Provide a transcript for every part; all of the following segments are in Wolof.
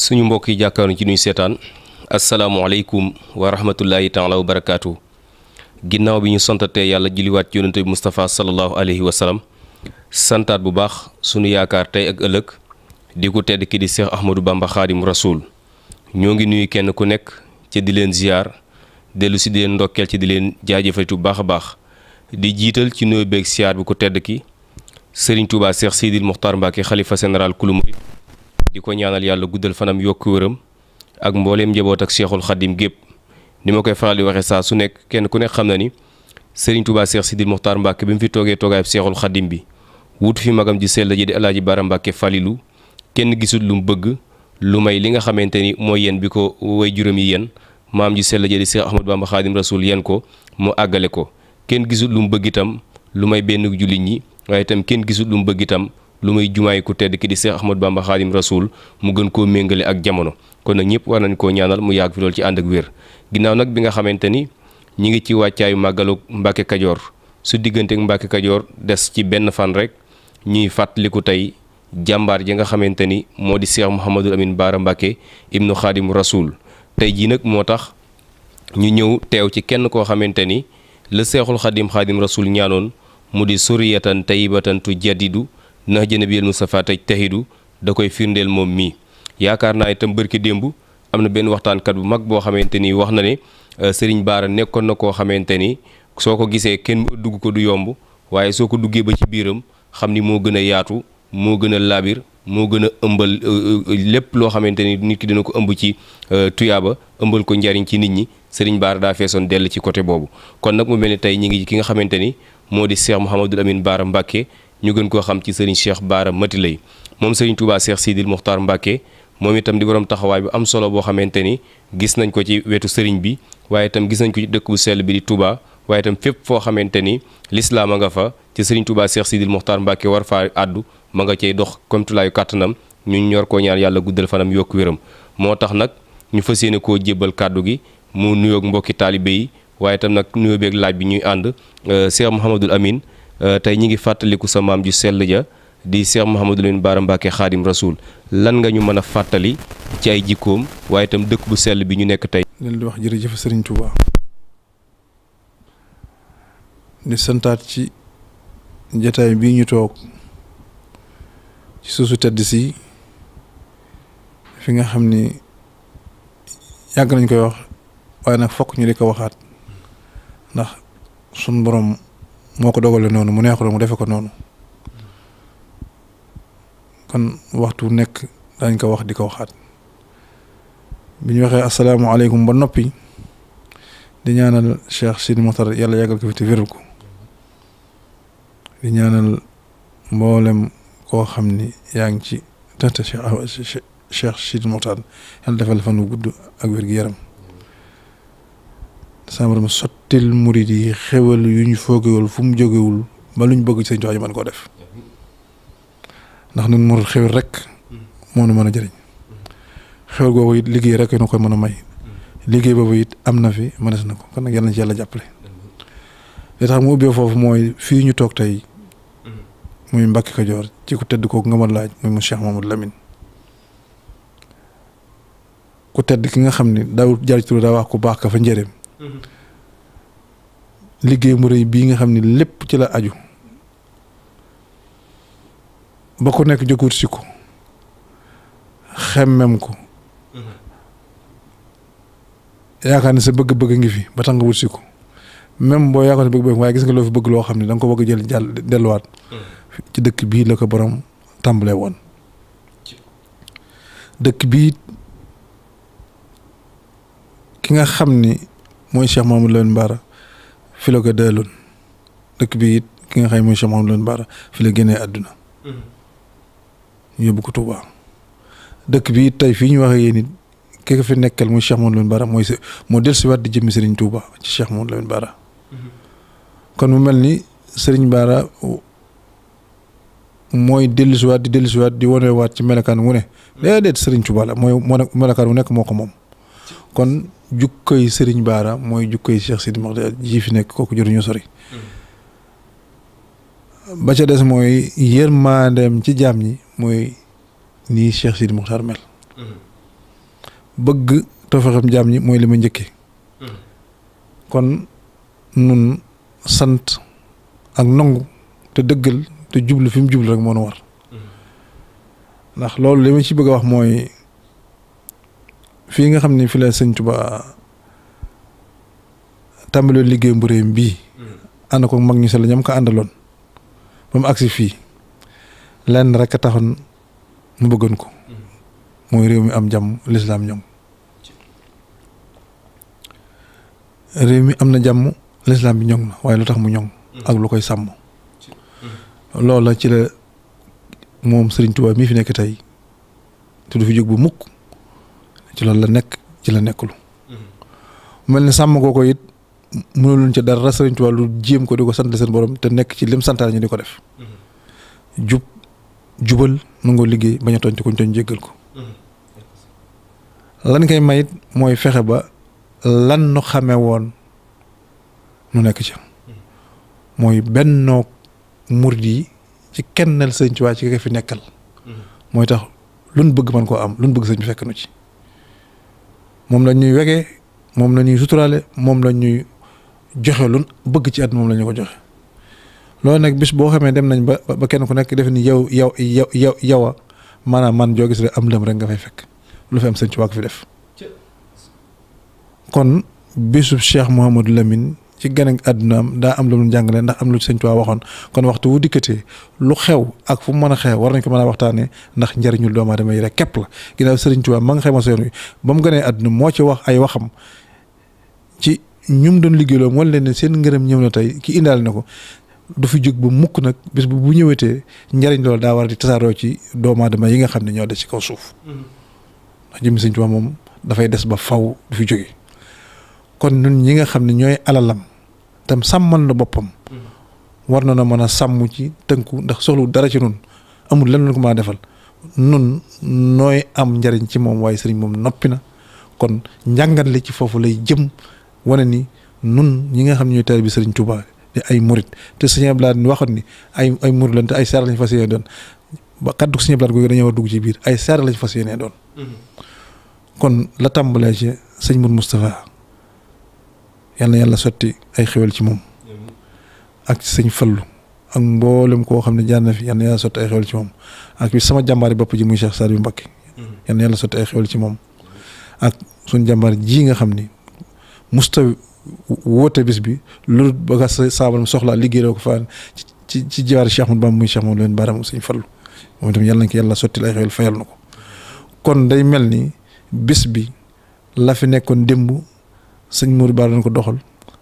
suñu mbokk yi jàkkaaru ci nuy seetaan asalaamualeykum wa rahmatullahi taala wa barakaatu ginnaaw bi ñu santatee yàlla julliwaat ci yonente bi Moustapha sallallahu alayhi salaam santaat bu baax suñu yaakaar tey ak ëllëg di ko tedd ki di Cheikh Ahmadou Bamba Xaadim Rasoul ñoo ngi nuyu kenn ku nekk ci di leen ziyaar dellu si di leen ndokkeel ci di leen jaajëfatu bu baax a baax di jiital ci nuyu beeg siyaar bi ko tedd ki Serigne Touba Cheikh Sidil Mokhtar Mbacke xalifa général kulu di ko ñaanal yàlla guddal fanam yokk wëram ak mbooleem njaboot ak cheikhul xaddim gépp ni ma koy faral di waxee saa su nekk kenn ku nekk xam na ni Serigne Touba si Sidil Mokhtar Mbacke bi mu fi toogee toogaayub cheikhul xaddim bi wut fi magam di sell ji di El Hadj Bara Mbacke falilu kenn gisul lu mu bëgg lu may li nga xamante ni mooy yéen bi ko way juróom yi yéen maam ji sell ji di Cheikh Ahmadou Bamba Khadim Rasoul yéen ko mu àggale ko kenn gisul lu mu bëgg itam lu may benn jullit ñi waaye itam kenn gisul lu mu bëgg itam lu may jumaay ku tedd ki di Seex Ahmadu Bamba Xaadim Rasuul mu gën koo méngale ak jamono kon nag ñëpp war nañ koo ñaanal mu yàgg fi loolu ci ànd ak wér ginnaaw nag bi nga xamante ni ñi ngi ci wàccaayu màggalu Mbàkke Kajoor su diggante ak Mbàkke Kajoor des ci benn fan rek ñuy fàttaliku tey jàmbaar ji nga xamante ni moo di Seex Muhammadul Amin Baara Mbàkke ibnu Xaadim Rasuul tey jii nag moo tax ñu ñëw teew ci kenn koo xamante ni la Seexul Xaadim Xaadim Rasuul mu di suriyatan tayyibatan tu jadidu nax jëne bi el Moustapha taj tahidu da koy firndeel moom mii yaakaar naa itam bërki démb am na benn waxtaankat bu mag boo xamante ni wax na ne euh, Serigne Bara nekkoon na koo xamante ni soo ko gisee kenn dugg ko du yomb waaye soo ko duggee ba ci biiram xam ni moo gën a yaatu moo gën a laabir moo gën a ëmbal euh, euh, lépp loo xamante ni nit ki dina ko ëmb ci tuyaaba ëmbal ko njariñ ci nit ñi Serigne Bara daa feesoon dell ci côté boobu kon nag mu mel ni tey ñi ngi ki nga xamante ni moo di Cheikh Mouhamadul Amine Bara Mbacké ñu gën koo xam ci sëriñ Cheikh Baara Mati lay moom sëriñ Touba Cheikh Sidil Mokhtar Mbacke moom itam di borom taxawaay bu am solo boo xamante ni gis nañ ko ci wetu sëriñ bi waaye itam gis nañ ko ci dëkk bu sell bi di Touba waaye itam fépp foo xamante ni lislaam a nga fa ci sëriñ Touba Cheikh Sidil Mokhtar Mbacke war faa àddu ma nga cay dox comme tulaayu kàttanam ñu ñor koo ñaar yàlla guddal fanam yokk wéram moo tax nag ñu fa yéene koo jébbal kàddu gi mu nuyoog mbokki taalibe yi waaye itam nag nuyoo laaj bi ñuy ànd euh, Cheikh Mouhamadul Amin Euh, tay ñi ngi fàttaliku sa mam ju sel ja di Cheikh Mouhamadou Lamine Bara Mbacké Khadim Rasoul lan nga ñu mëna fatali ci ay jikoom waye tam dekk bu sel bi ñu nekk tay leen di wax jeuf Serigne Touba ni santat ci jotaay bi ñu tok ci susu tedd si fi nga xamni yag nañ koy wax waaye nak fokk ñu liko waxat ndax sun borom. moo ko dogale noonu mu neexul mu defe ko noonu kon waxtu nekk dañ ko wax di ko waxaat bi ñu waxee asalaamaaleykum ba noppi di ñaanal Cheikh Sidi Mokhtar yàlla yàggal ko fi te wéral ko di ñaanal mboolem koo xam ni yaa ngi ci tënta Cheikh Cheikh Sidi Mokhtar yàlla defal fan gudd ak wér yaram sama borom sottil murit yi xewal yu ñu foogewul fu mu jógewul ba lu ñu bëgg seen jox ñu mën koo def ndax nun murit xewal rek moo nu mën a jëriñ xewal googu it liggéey rek na koy mën a may liggéey boobu it am na fi mënees na ko kon nag yàlla na ci yàlla jàppale li tax mu ubbee foofu mooy fii ñu toog tey muy Mbàkke Kajoor ci ku tedd kooku nga ma laaj muy mu Cheikh Mamadou Lamine ku tedd ki nga xam ne daawul jaar ci tur daa wax ku baax ka fa njëriñ Mm-hmm. liggéey mu rëy bii nga xam ni lépp ci la aju ba ku nekk jóg wut si ko xemmem ko mm-hmm. yaakaar ne sa bëgg-bëgg ngi fi ba tax nga wut si ko boo yaakaar ne bëgg-bëgg waaye gis nga loo fi bëgg loo xam ne da nga ko bëgg jël jàll delluwaat. Mm-hmm. ci dëkk bii la ko borom tàmbalee dëkk bii ki nga xam ni mooy Cheikh Mamadou Lamine Bara fi la ko dëkk bi ki nga xam ne mooy Cheikh Mamadou Lamine Bara fi la génnee mm-hmm. yóbbu ko Touba. dëkk bi it tey fii ñu wax ak yéen it ki ko mooy Cheikh Mamadou Lamine Bara mooy sa moo dellusiwaat di jëmmi Serigne Touba ci Cheikh Mamadou mm-hmm. mel ni Serigne Bara dellusiwaat di dellusiwaat di wanewaat ci melokaan wu ne. Mm-hmm. déedéet Serigne Touba la mooy melokaan wu nekk moo ko moom kon. jukkoy Serigne Baara mooy jukkoy Cheikh Sidi Mokhtar ji fi nekk kooku jëruñu sori. Hmm. ba ca des mooy yërmandeem ci jaam yi mooy nii Cheikh Sidi Mokhtar mel. Hmm. bëgg tawfeexam jaam ñi mooy li ma njëkkee. Hmm. kon nun sant ak nangu te dëggal te jublu fi mu jublu rek moo nu war. ndax loolu li ma ci bëgg a wax mooy. fii nga xamni fi la seigne touba tambalo liggéey bu réem ana ko mag ñu sa lañam ko andalon bam mu fi lenn rek taxon mu ko moy mm-hmm. rew mi am jam l'islam ñom rew mi am na jàmm lislaam bi ñong way lutax mu ñong mm-hmm. ak lu koy sàmm mm-hmm. loola ci la mom serigne touba mii fi nek tay tuddu fi jog bu mukk ci loolu la nekk ci la nekkul. mel ni sàmm ko it mënuluñ ci dara sëriñ Tuubaa lu jéem ko di ko sant seen borom te nekk ci lim santaan ñu di ko def. jub jubal nangoo liggéey bañ a tooñ ci kuñ tooñ jéggal ko. lan koy mayit mooy fexe ba lan nu xamee woon nu nekk ci. mooy bennoo murid yi ci kennal sëriñ Tuubaa ci ki fi nekkal. mooy tax luñ bëgg mën koo am luñ bëgg sëriñ bi fekk nu ci. moom la ñuy wegee moom la ñuy suturaale moom la ñuy joxe lu bëgg ci moom la ko joxe loolu nag bis boo xamee dem nañ ba ba kenn ku nekk def ni yow yow yow yow yow a maanaam man joo gis rek am lëm rek nga fay fekk lu fi am sëñ Tuubaa ko fi def kon bisub Cheikh Mouhamadou Lamine ci gën a àddunaam daa am lu mu jàngale ndax am lu sëñ waxoon kon waxtu wu dikkatee lu xew ak fu mu mën a xew war nañ ko mën a waxtaanee ndax njëriñul doomu aadama yi rek képp la ginnaaw sëriñ Tuubaa ma nga xayma seen wi ba mu gënee àdduna moo ci wax ay waxam ñum doon liggéeyloo wan leen seen ngërëm ñëw na tey ki indaale na ko du fi jóg ba mukk nag bis bu bu ñëwetee njëriñ loolu daa war di tasaaroo ci doomu yi nga xam ne ñoo des ci kaw suuf mm-hmm. ndax jëmmi moom dafay des ba faw du fi jóge kon ñun ñi nga xam ne ñooy alalam tam sàmmal na boppam. war na na mën a sàmm ci tënku ndax soxlu dara ci nun amul lenn lu ko maa defal nun nooy am njariñ ci moom waaye sëriñ moom noppi na kon njàngat li ci foofu lay jëm wane ni nun ñi nga xam ne ñooy taalibe sëriñ Touba di ay murit te sëriñ Abdoulaye ni waxoon ni ay ay murit lañ te ay saar lañ fas yéene doon ay saar lañ fas yéene mm-hmm. kon la tàmbalee ci sëñ Mour Moustapha yal na yàlla sotti ay xewal ci moom ak sañ Fallu ak mboolem koo xam ne jaar na fi yal na yàlla sotti ay xewal ci moom ak sama jàmbaari bopp ji muy Cheikh Sadio Mbacké mm-hmm. yal na yàlla sotti ay ci moom ak suñ jàmbaar ji nga xam ni musta woote bis bi loolu ba nga saabal soxlaa liggéey ko faan ci ci jiwaar Cheikh muy Cheikh leen baaraam sëñ Fallu moom itam yàlla na ko yàlla sotti ay xewal fayal na ko kon day mel ni bis bi la fi nekkoon démb sëñ Mourou Ba dañ ko doxal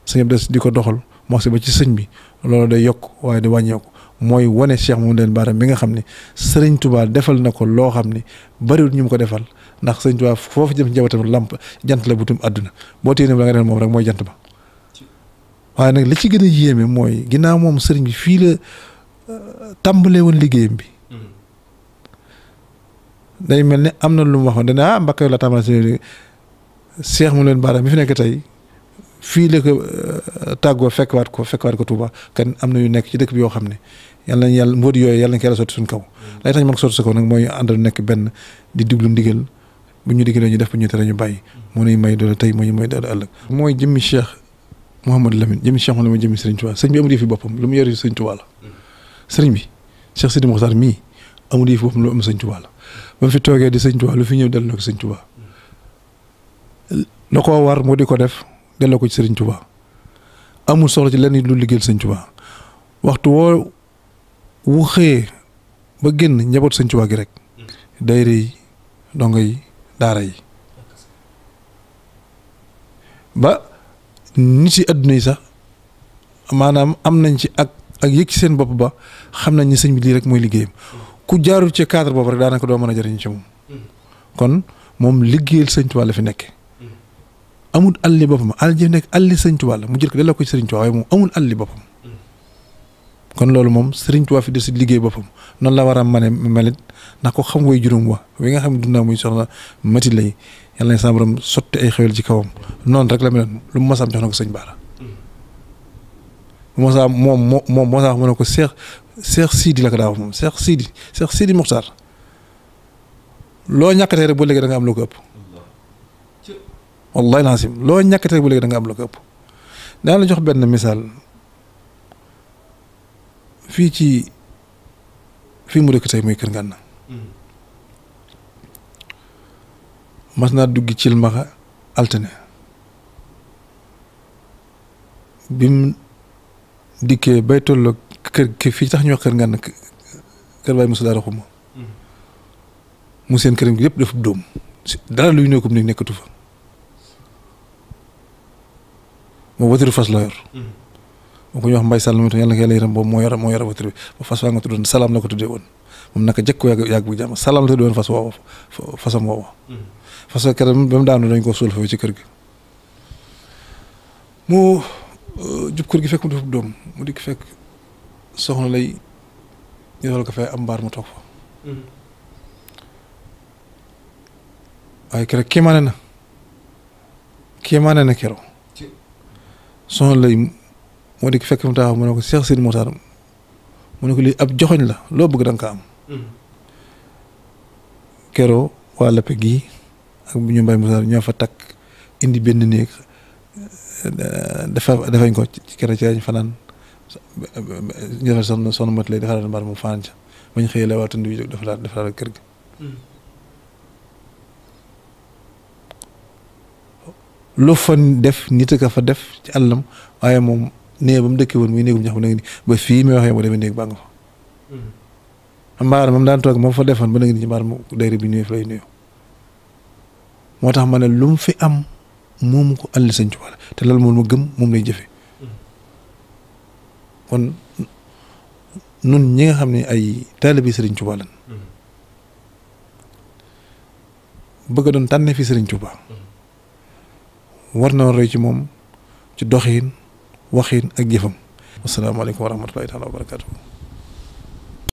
sëñ di ko doxal moo si ba ci sëñ bi loolu day yokk waaye di wàññeeku mooy wane Cheikh Mouhamadou Lamine Bara mi nga xam ne sëriñ Touba defal na ko loo xam ni bariwul ñu ko defal ndax sëriñ Touba foofu jëm njabootam lamp jant la butum àdduna boo téye la nga def moom rek mooy jant ba. waaye nag li ci gën a yéeme mooy ginnaaw moom sëriñ bi fii la euh, tàmbalee woon liggéeyam bi. Mm-hmm. day mel ni am na lu mu waxoon dana ah Mbacke la tàmbalee Cheikh Mawlana Bara mi fi nek tay fi le ko euh, fek wat ko fek wat ko Touba kan amna yu nek ci dekk bi yo xamne yalla yàlla nañ yàlla mbóot yooyu yàlla nañ ko yàlla sotti kaw. Mm. lay tax ñu mën ko sa ko nak moy andal nek ben di diglu digel bu ñu digel ñu def ñu tere ñu bay mm. mo ne may do tay mo ñu may doole ëlëk moy jëmmi Cheikh mohammed Lamine jëmmi Cheikh mohammed jëmmi Serigne Touba serigne bi amu def fi bopam lu mu yori Serigne Touba la. Mm. Serigne bi Cheikh Sidi mi amu def fi bopam lu am Serigne Touba la ba fi toge di Serigne Touba lu fi ñew dal nak Serigne Touba la ko war mu di ko def delloo ko ci Serigne Touba amul soxla ci lenn lu liggéeyal Serigne Touba waxtu woo wu xëyee ba génn njaboot Serigne Touba gi rek dayre yi dongo yi daara yi ba nit si àdduna yi sax maanaam am nañ ci ak ak yëg ci seen bopp ba xam nañ sëñ bi lii rek mooy liggéeyam ku jaarul ci cadre boobu rek daanaka doo mën a jariñ ci moom mm. kon moom liggéeyal Sëñ Tuubaa la fi nekk amul alli boppam àll ji nekk alli sëriñ Tuubaa la mu jël ko delloo ko ci sëriñ Tuubaa waaye moom amul alli boppam kon loolu moom sëriñ Tuubaa fi si liggéey boppam noonu la war a mane melit ndax ko xam way juróom wa wi nga xam ne dundaa muy soxna mati lay yàlla na sa borom sotti ay xewel ci kawam noonu rek la meloon lu mu masaam jox na ko sëñ Baara mosaa moom moo moom mosaa mu ne ko seex seex siidi la ko daa wax moom seex siidi seex siidi Muxtaar loo ñàkkatee rek boo léegi da nga am lu ko ëpp wallahi lancim loo ñàkkatee bu léegi da nga am la ko ëpp daan la jox benn misaal fii ci fii mu dëkk tey muy Kër na mm-hmm. mas naa dugg ci Cilmaxa altine bim dikkee bay tolloo kër ki fii tax ñu wax Kër Ngana kër Baye Moussa Daara Xuma mm-hmm. mu seen këram gi yëpp dafa dóom dara luy nekkum ni nekkatu fa moom watiru fas la yor. bu ko ñuy wax mbay sàll mi tam yàlla na ko yàlla yërëm boobu moo yor salaam la ko tuddee woon moom naka jëkk ko yàgg yàgg bu jàmm salaam la tuddee woon fas woowa fasam woowa. fas wa keroog ba mu daanu dañ euh, ko na kéemaane na keroog. soxna lay moo di fekk mu taxaw mu ne ko seex Sidi Moutar mu ne ko lii ab joxoñ la loo bëgg da nga ko am. Hmm. keroo waa Lappe gii ak bu ñu mbay Moutar ñoo fa takk indi benn néeg euh, dafa defañ ko ci kero ci lañ fanaan ñu defal son son mat lay defaraat mbaar mu fanaan ca bañ xëyee la waa tund wi jóg defaraat defaraat kër gi. Hmm. lu fa def nit a fa def ci àllam waaye moom nee ba mu dëkkee woon muy néegum ñax mu nekk nii ba fii may waxee mu demee néeg ba nga fa. Hmm. mbaar moom daan toog moom fa defoon ba nekk nii mu dayre bi nuyoo fi lay tax ma ne lu fi am moomu ko àll sëñ Tuubaa te loolu moom ma gëm moom lay jëfe hmm. kon nun ñi nga xam ne ay taalibi sëriñ Tuubaa lañ hmm. doon tànnee fi sëriñ Tuubaa war na roy ci moom ci doxin waxin ak jëfam asalaamaaleykum wa rahmatullahi taala wa barakatuh